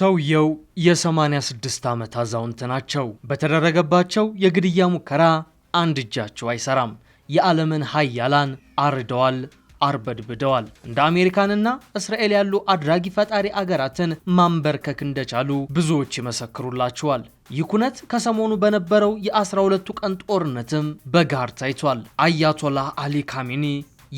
ሰውየው የ86 ዓመት አዛውንት ናቸው። በተደረገባቸው የግድያ ሙከራ አንድ እጃቸው አይሰራም። የዓለምን ሀያላን አርደዋል፣ አርበድብደዋል። እንደ አሜሪካንና እስራኤል ያሉ አድራጊ ፈጣሪ አገራትን ማንበርከክ እንደቻሉ ብዙዎች ይመሰክሩላቸዋል። ይህ ኩነት ከሰሞኑ በነበረው የ12ቱ ቀን ጦርነትም በጋር ታይቷል። አያቶላህ አሊ ካሚኒ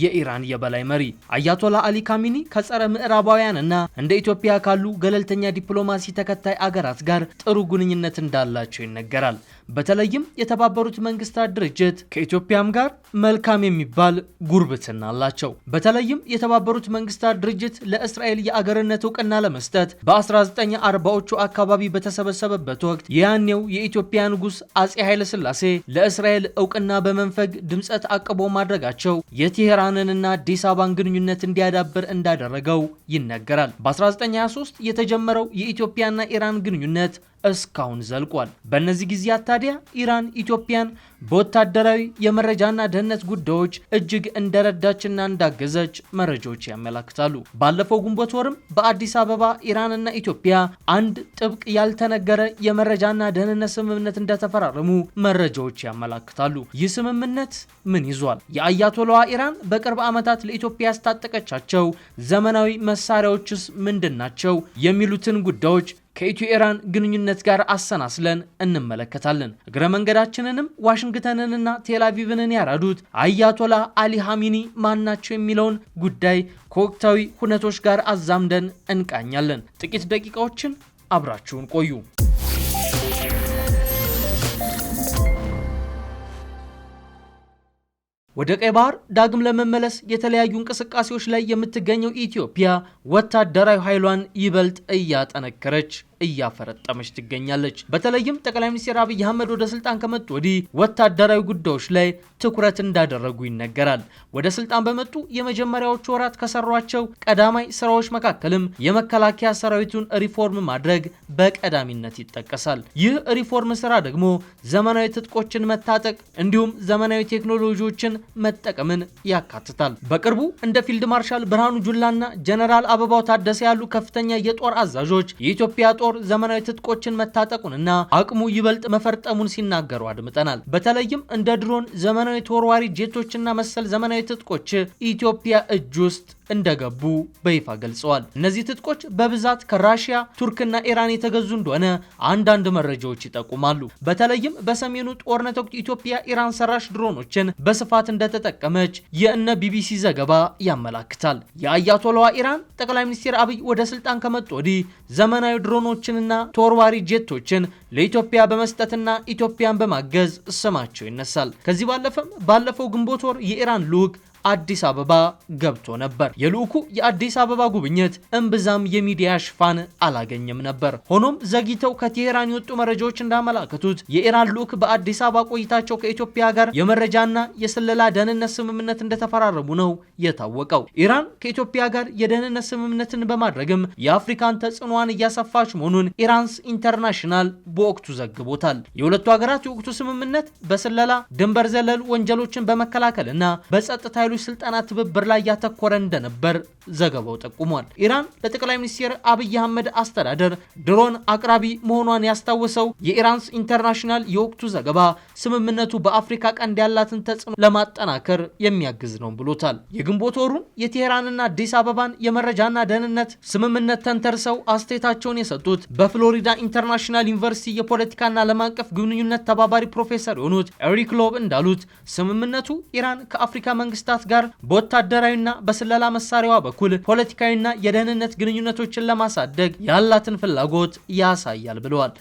የኢራን የበላይ መሪ አያቶላ አሊ ካሚኒ ከጸረ ምዕራባውያን እና እንደ ኢትዮጵያ ካሉ ገለልተኛ ዲፕሎማሲ ተከታይ አገራት ጋር ጥሩ ግንኙነት እንዳላቸው ይነገራል። በተለይም የተባበሩት መንግስታት ድርጅት ከኢትዮጵያም ጋር መልካም የሚባል ጉርብትና አላቸው። በተለይም የተባበሩት መንግስታት ድርጅት ለእስራኤል የአገርነት እውቅና ለመስጠት በ1940ዎቹ አካባቢ በተሰበሰበበት ወቅት የያኔው የኢትዮጵያ ንጉሥ አጼ ኃይለ ሥላሴ ለእስራኤል እውቅና በመንፈግ ድምፀት አቅቦ ማድረጋቸው የቴሄራንንና አዲስ አበባን ግንኙነት እንዲያዳብር እንዳደረገው ይነገራል። በ1923 የተጀመረው የኢትዮጵያና ኢራን ግንኙነት እስካሁን ዘልቋል። በእነዚህ ጊዜያት ታዲያ ኢራን ኢትዮጵያን በወታደራዊ የመረጃና ደህንነት ጉዳዮች እጅግ እንደረዳችና እንዳገዘች መረጃዎች ያመላክታሉ። ባለፈው ግንቦት ወርም በአዲስ አበባ ኢራንና ኢትዮጵያ አንድ ጥብቅ ያልተነገረ የመረጃና ደህንነት ስምምነት እንደተፈራረሙ መረጃዎች ያመላክታሉ። ይህ ስምምነት ምን ይዟል? የአያቶላዋ ኢራን በቅርብ ዓመታት ለኢትዮጵያ ያስታጠቀቻቸው ዘመናዊ መሳሪያዎችስ ምንድን ናቸው? የሚሉትን ጉዳዮች ከኢትዮ ኢራን ግንኙነት ጋር አሰናስለን እንመለከታለን። እግረ መንገዳችንንም ዋሽንግተንንና ቴልአቪቭንን ያራዱት አያቶላ አሊ ሐሚኒ ማናቸው የሚለውን ጉዳይ ከወቅታዊ ሁነቶች ጋር አዛምደን እንቃኛለን። ጥቂት ደቂቃዎችን አብራችሁን ቆዩ። ወደ ቀይ ባህር ዳግም ለመመለስ የተለያዩ እንቅስቃሴዎች ላይ የምትገኘው ኢትዮጵያ ወታደራዊ ኃይሏን ይበልጥ እያጠነከረች እያፈረጠመች ትገኛለች። በተለይም ጠቅላይ ሚኒስትር አብይ አህመድ ወደ ስልጣን ከመጡ ወዲህ ወታደራዊ ጉዳዮች ላይ ትኩረት እንዳደረጉ ይነገራል። ወደ ስልጣን በመጡ የመጀመሪያዎቹ ወራት ከሰሯቸው ቀዳማይ ስራዎች መካከልም የመከላከያ ሰራዊቱን ሪፎርም ማድረግ በቀዳሚነት ይጠቀሳል። ይህ ሪፎርም ስራ ደግሞ ዘመናዊ ትጥቆችን መታጠቅ እንዲሁም ዘመናዊ ቴክኖሎጂዎችን መጠቀምን ያካትታል። በቅርቡ እንደ ፊልድ ማርሻል ብርሃኑ ጁላና ጀነራል አበባው ታደሰ ያሉ ከፍተኛ የጦር አዛዦች የኢትዮጵያ ጦር ጦር ዘመናዊ ትጥቆችን መታጠቁን እና አቅሙ ይበልጥ መፈርጠሙን ሲናገሩ አድምጠናል። በተለይም እንደ ድሮን፣ ዘመናዊ ተወርዋሪ ጄቶችና መሰል ዘመናዊ ትጥቆች ኢትዮጵያ እጅ ውስጥ እንደገቡ በይፋ ገልጸዋል። እነዚህ ትጥቆች በብዛት ከራሽያ ቱርክና ኢራን የተገዙ እንደሆነ አንዳንድ መረጃዎች ይጠቁማሉ። በተለይም በሰሜኑ ጦርነት ወቅት ኢትዮጵያ ኢራን ሰራሽ ድሮኖችን በስፋት እንደተጠቀመች የእነ ቢቢሲ ዘገባ ያመላክታል። የአያቶላዋ ኢራን ጠቅላይ ሚኒስትር አብይ ወደ ስልጣን ከመጡ ወዲህ ዘመናዊ ድሮኖች ጀቶችንና ተወርዋሪ ጀቶችን ለኢትዮጵያ በመስጠትና ኢትዮጵያን በማገዝ ስማቸው ይነሳል። ከዚህ ባለፈም ባለፈው ግንቦት ወር የኢራን ልዑክ አዲስ አበባ ገብቶ ነበር። የልዑኩ የአዲስ አበባ ጉብኝት እምብዛም የሚዲያ ሽፋን አላገኘም ነበር። ሆኖም ዘግይተው ከቴሄራን የወጡ መረጃዎች እንዳመላከቱት የኢራን ልዑክ በአዲስ አበባ ቆይታቸው ከኢትዮጵያ ጋር የመረጃና የስለላ ደህንነት ስምምነት እንደተፈራረሙ ነው የታወቀው። ኢራን ከኢትዮጵያ ጋር የደህንነት ስምምነትን በማድረግም የአፍሪካን ተጽዕኖዋን እያሰፋች መሆኑን ኢራንስ ኢንተርናሽናል በወቅቱ ዘግቦታል። የሁለቱ ሀገራት የወቅቱ ስምምነት በስለላ ድንበር ዘለል ወንጀሎችን በመከላከልና በጸጥታ የሌሎች ስልጣናት ትብብር ላይ ያተኮረ እንደነበር ዘገባው ጠቁሟል። ኢራን ለጠቅላይ ሚኒስትር አብይ አህመድ አስተዳደር ድሮን አቅራቢ መሆኗን ያስታወሰው የኢራንስ ኢንተርናሽናል የወቅቱ ዘገባ ስምምነቱ በአፍሪካ ቀንድ ያላትን ተጽዕኖ ለማጠናከር የሚያግዝ ነው ብሎታል። የግንቦት ወሩን የቴሄራንና አዲስ አበባን የመረጃና ደህንነት ስምምነት ተንተርሰው አስተያየታቸውን የሰጡት በፍሎሪዳ ኢንተርናሽናል ዩኒቨርሲቲ የፖለቲካና ዓለም አቀፍ ግንኙነት ተባባሪ ፕሮፌሰር የሆኑት ኤሪክ ሎብ እንዳሉት ስምምነቱ ኢራን ከአፍሪካ መንግስታት ሀገራት ጋር በወታደራዊና በስለላ መሳሪያዋ በኩል ፖለቲካዊና የደህንነት ግንኙነቶችን ለማሳደግ ያላትን ፍላጎት ያሳያል ብለዋል።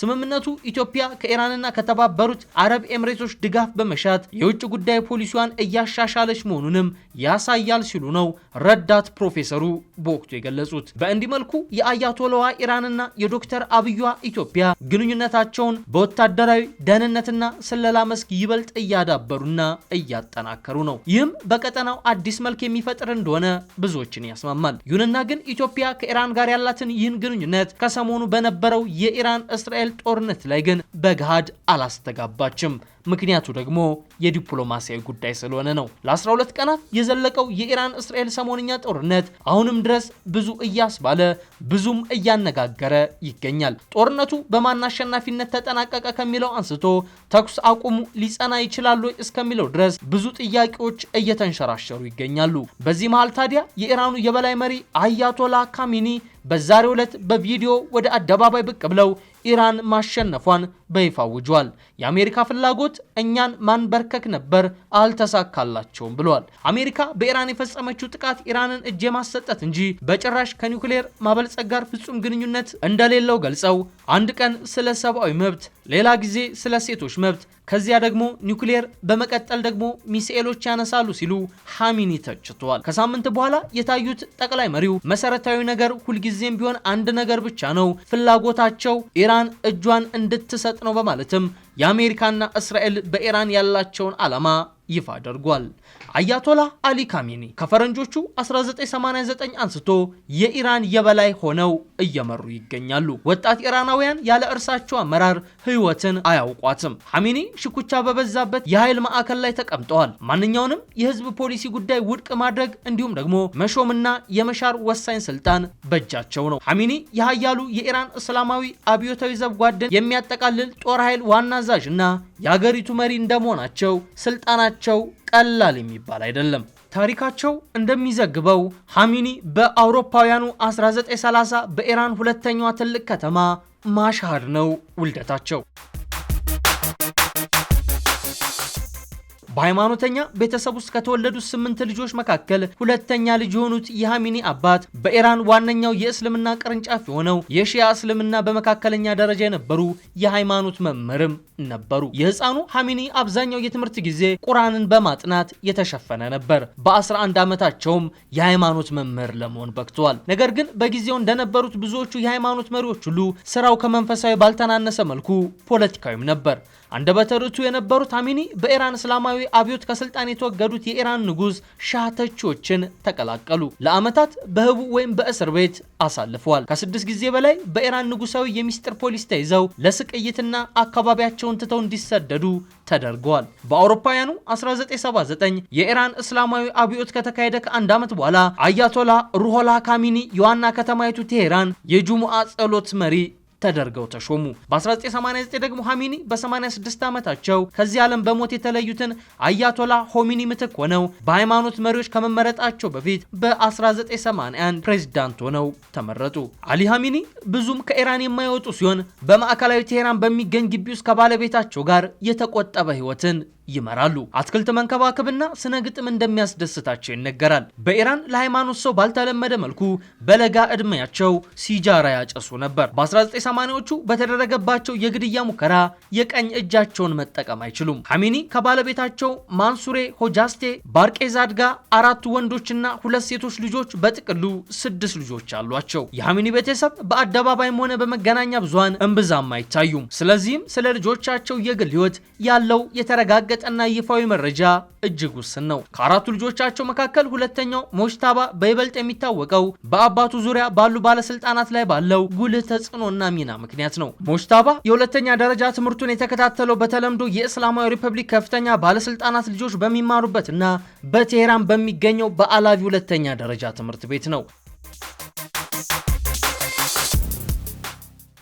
ስምምነቱ ኢትዮጵያ ከኢራንና ከተባበሩት አረብ ኤምሬቶች ድጋፍ በመሻት የውጭ ጉዳይ ፖሊሲዋን እያሻሻለች መሆኑንም ያሳያል ሲሉ ነው ረዳት ፕሮፌሰሩ በወቅቱ የገለጹት። በእንዲህ መልኩ የአያቶላዋ ኢራንና የዶክተር አብዩዋ ኢትዮጵያ ግንኙነታቸውን በወታደራዊ ደህንነትና ስለላ መስክ ይበልጥ እያዳበሩና እያጠናከሩ ነው። ይህም በቀጠናው አዲስ መልክ የሚፈጥር እንደሆነ ብዙዎችን ያስማማል። ይሁንና ግን ኢትዮጵያ ከኢራን ጋር ያላትን ይህን ግንኙነት ከሰሞኑ በነበረው የኢራን እስራኤል የእስራኤል ጦርነት ላይ ግን በገሃድ አላስተጋባችም። ምክንያቱ ደግሞ የዲፕሎማሲያዊ ጉዳይ ስለሆነ ነው። ለ12 ቀናት የዘለቀው የኢራን እስራኤል ሰሞንኛ ጦርነት አሁንም ድረስ ብዙ እያስባለ ብዙም እያነጋገረ ይገኛል። ጦርነቱ በማን አሸናፊነት ተጠናቀቀ ከሚለው አንስቶ ተኩስ አቁሙ ሊጸና ይችላሉ እስከሚለው ድረስ ብዙ ጥያቄዎች እየተንሸራሸሩ ይገኛሉ። በዚህ መሃል ታዲያ የኢራኑ የበላይ መሪ አያቶላ ካሚኒ በዛሬው ዕለት በቪዲዮ ወደ አደባባይ ብቅ ብለው ኢራን ማሸነፏን በይፋ አውጇል። የአሜሪካ ፍላጎት እኛን ማንበርከክ ነበር፣ አልተሳካላቸውም ብሏል። አሜሪካ በኢራን የፈጸመችው ጥቃት ኢራንን እጅ የማሰጠት እንጂ በጭራሽ ከኒውክሌር ማበልጸግ ጋር ፍጹም ግንኙነት እንደሌለው ገልጸው አንድ ቀን ስለ ሰብአዊ መብት፣ ሌላ ጊዜ ስለ ሴቶች መብት፣ ከዚያ ደግሞ ኒውክሌር፣ በመቀጠል ደግሞ ሚሳኤሎች ያነሳሉ ሲሉ ሐሚኒ ተችተዋል። ከሳምንት በኋላ የታዩት ጠቅላይ መሪው መሰረታዊ ነገር ሁልጊዜም ቢሆን አንድ ነገር ብቻ ነው፣ ፍላጎታቸው ኢራን እጇን እንድትሰጥ ነው በማለትም የአሜሪካና እስራኤል በኢራን ያላቸውን ዓላማ ይፋ አድርጓል። አያቶላ አሊ ካሚኒ ከፈረንጆቹ 1989 አንስቶ የኢራን የበላይ ሆነው እየመሩ ይገኛሉ። ወጣት ኢራናውያን ያለ እርሳቸው አመራር ህይወትን አያውቋትም። ሐሚኒ ሽኩቻ በበዛበት የኃይል ማዕከል ላይ ተቀምጠዋል። ማንኛውንም የህዝብ ፖሊሲ ጉዳይ ውድቅ ማድረግ እንዲሁም ደግሞ መሾምና የመሻር ወሳኝ ስልጣን በእጃቸው ነው። ሐሚኒ የሀያሉ የኢራን እስላማዊ አብዮታዊ ዘብ ጓድን የሚያጠቃልል ጦር ኃይል ዋና አዛዥ እና የአገሪቱ መሪ እንደመሆናቸው ስልጣናቸው ቀላል የሚባል አይደለም። ታሪካቸው እንደሚዘግበው ሐሚኒ በአውሮፓውያኑ 1930 በኢራን ሁለተኛዋ ትልቅ ከተማ ማሻሃድ ነው ውልደታቸው። በሃይማኖተኛ ቤተሰብ ውስጥ ከተወለዱት ስምንት ልጆች መካከል ሁለተኛ ልጅ የሆኑት የሃሚኒ አባት በኢራን ዋነኛው የእስልምና ቅርንጫፍ የሆነው የሺያ እስልምና በመካከለኛ ደረጃ የነበሩ የሃይማኖት መምህርም ነበሩ። የህፃኑ ሃሚኒ አብዛኛው የትምህርት ጊዜ ቁርአንን በማጥናት የተሸፈነ ነበር። በ11 ዓመታቸውም የሃይማኖት መምህር ለመሆን በቅተዋል። ነገር ግን በጊዜው እንደነበሩት ብዙዎቹ የሃይማኖት መሪዎች ሁሉ ስራው ከመንፈሳዊ ባልተናነሰ መልኩ ፖለቲካዊም ነበር። አንደበተ ርቱዕ የነበሩት ሃሚኒ በኢራን እስላማዊ እስላማዊ አብዮት ከስልጣን የተወገዱት የኢራን ንጉስ ሻተቾችን ተቀላቀሉ። ለዓመታት በህቡ ወይም በእስር ቤት አሳልፈዋል። ከስድስት ጊዜ በላይ በኢራን ንጉሳዊ የሚስጥር ፖሊስ ተይዘው ለስቅይትና አካባቢያቸውን ትተው እንዲሰደዱ ተደርገዋል። በአውሮፓውያኑ 1979 የኢራን እስላማዊ አብዮት ከተካሄደ ከአንድ ዓመት በኋላ አያቶላ ሩሆላ ካሚኒ የዋና ከተማይቱ ቴሄራን የጁሙአ ጸሎት መሪ ተደርገው ተሾሙ። በ1989 ደግሞ ሐሚኒ በ86 ዓመታቸው ከዚህ ዓለም በሞት የተለዩትን አያቶላ ሆሚኒ ምትክ ሆነው በሃይማኖት መሪዎች ከመመረጣቸው በፊት በ1981 ፕሬዚዳንት ሆነው ተመረጡ። አሊ ሀሚኒ ብዙም ከኢራን የማይወጡ ሲሆን በማዕከላዊ ቴህራን በሚገኝ ግቢ ውስጥ ከባለቤታቸው ጋር የተቆጠበ ህይወትን ይመራሉ። አትክልት መንከባከብና ስነ ግጥም እንደሚያስደስታቸው ይነገራል። በኢራን ለሃይማኖት ሰው ባልተለመደ መልኩ በለጋ ዕድሜያቸው ሲጃራ ያጨሱ ነበር። በ1980ዎቹ በተደረገባቸው የግድያ ሙከራ የቀኝ እጃቸውን መጠቀም አይችሉም። ሐሚኒ ከባለቤታቸው ማንሱሬ ሆጃስቴ ባርቄዛድ ጋር አራት ወንዶችና ሁለት ሴቶች ልጆች በጥቅሉ ስድስት ልጆች አሏቸው። የሐሚኒ ቤተሰብ በአደባባይም ሆነ በመገናኛ ብዙሃን እምብዛም አይታዩም። ስለዚህም ስለ ልጆቻቸው የግል ህይወት ያለው የተረጋገጠ የተጠና ይፋዊ መረጃ እጅግ ውስን ነው። ከአራቱ ልጆቻቸው መካከል ሁለተኛው ሞሽታባ በይበልጥ የሚታወቀው በአባቱ ዙሪያ ባሉ ባለስልጣናት ላይ ባለው ጉልህ ተጽዕኖና ሚና ምክንያት ነው። ሞሽታባ የሁለተኛ ደረጃ ትምህርቱን የተከታተለው በተለምዶ የእስላማዊ ሪፐብሊክ ከፍተኛ ባለስልጣናት ልጆች በሚማሩበትና በቴሄራን በሚገኘው በአላቪ ሁለተኛ ደረጃ ትምህርት ቤት ነው።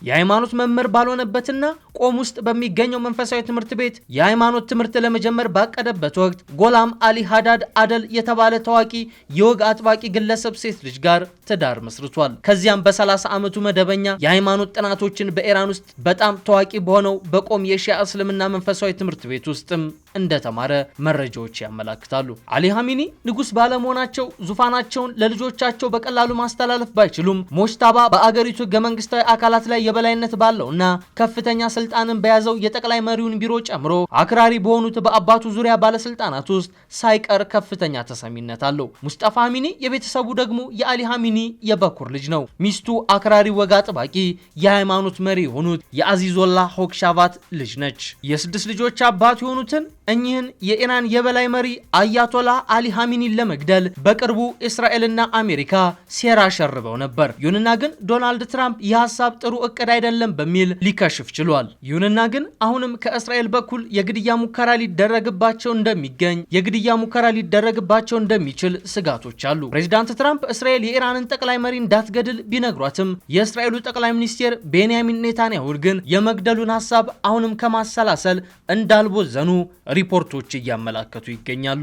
የሃይማኖት መምህር ባልሆነበትና ቆም ውስጥ በሚገኘው መንፈሳዊ ትምህርት ቤት የሃይማኖት ትምህርት ለመጀመር ባቀደበት ወቅት ጎላም አሊ ሀዳድ አደል የተባለ ታዋቂ የወግ አጥባቂ ግለሰብ ሴት ልጅ ጋር ትዳር መስርቷል። ከዚያም በ30 ዓመቱ መደበኛ የሃይማኖት ጥናቶችን በኢራን ውስጥ በጣም ታዋቂ በሆነው በቆም የሺያ እስልምና መንፈሳዊ ትምህርት ቤት ውስጥም እንደተማረ መረጃዎች ያመላክታሉ። አሊ ሀሚኒ ንጉስ ባለመሆናቸው ዙፋናቸውን ለልጆቻቸው በቀላሉ ማስተላለፍ ባይችሉም ሞሽታባ በአገሪቱ ህገ መንግስታዊ አካላት ላይ የበላይነት ባለው እና ከፍተኛ ስልጣንን በያዘው የጠቅላይ መሪውን ቢሮ ጨምሮ አክራሪ በሆኑት በአባቱ ዙሪያ ባለስልጣናት ውስጥ ሳይቀር ከፍተኛ ተሰሚነት አለው። ሙስጠፋ ሀሚኒ የቤተሰቡ ደግሞ የአሊ ሀሚኒ የበኩር ልጅ ነው። ሚስቱ አክራሪ ወግ አጥባቂ የሃይማኖት መሪ የሆኑት የአዚዞላ ሆክሻቫት ልጅ ነች። የስድስት ልጆች አባት የሆኑትን እኚህን የኢራን የበላይ መሪ አያቶላ አሊ ሀሚኒን ለመግደል በቅርቡ እስራኤልና አሜሪካ ሴራ ሸርበው ነበር። ይሁንና ግን ዶናልድ ትራምፕ የሀሳብ ጥሩ እቅድ አይደለም በሚል ሊከሽፍ ችሏል። ይሁንና ግን አሁንም ከእስራኤል በኩል የግድያ ሙከራ ሊደረግባቸው እንደሚገኝ የግድያ ሙከራ ሊደረግባቸው እንደሚችል ስጋቶች አሉ። ፕሬዚዳንት ትራምፕ እስራኤል የኢራንን ጠቅላይ መሪ እንዳትገድል ቢነግሯትም የእስራኤሉ ጠቅላይ ሚኒስቴር ቤንያሚን ኔታንያሁ ግን የመግደሉን ሀሳብ አሁንም ከማሰላሰል እንዳልቦዘኑ ሪፖርቶች እያመላከቱ ይገኛሉ።